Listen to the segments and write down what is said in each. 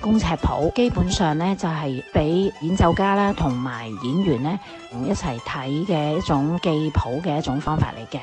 工尺譜基本上咧就係俾演奏家啦同埋演員咧一齊睇嘅一種記譜嘅一種方法嚟嘅。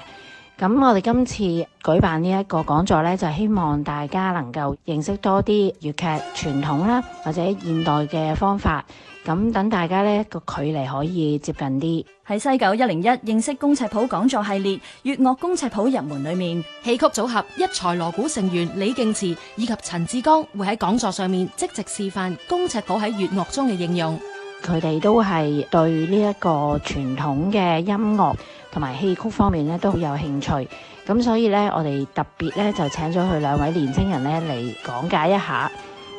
咁我哋今次舉辦呢一個講座呢，就希望大家能夠認識多啲粵劇傳統啦，或者現代嘅方法。咁等大家呢個距離可以接近啲。喺西九一零一認識工尺譜講座系列《粵樂工尺譜入門》裏面，戲曲組合一才鑼鼓成員李敬慈以及陳志剛會喺講座上面即席示範工尺譜喺粵樂中嘅應用。佢哋都係對呢一個傳統嘅音樂同埋戲曲方面咧都好有興趣，咁所以呢，我哋特別呢就請咗佢兩位年青人咧嚟講解一下，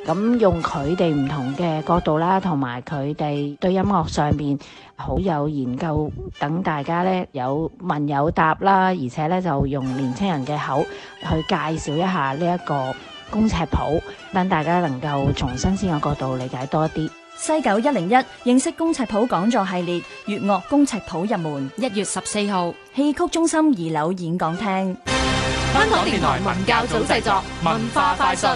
咁用佢哋唔同嘅角度啦，同埋佢哋對音樂上面好有研究，等大家呢有問有答啦，而且呢就用年青人嘅口去介紹一下呢一個公尺譜，等大家能夠從新鮮嘅角度理解多啲。西九一零一認識公尺譜講座系列，粵樂公尺譜入門，一月十四號，戲曲中心二樓演講廳。香港電台文教組製作，文化快訊。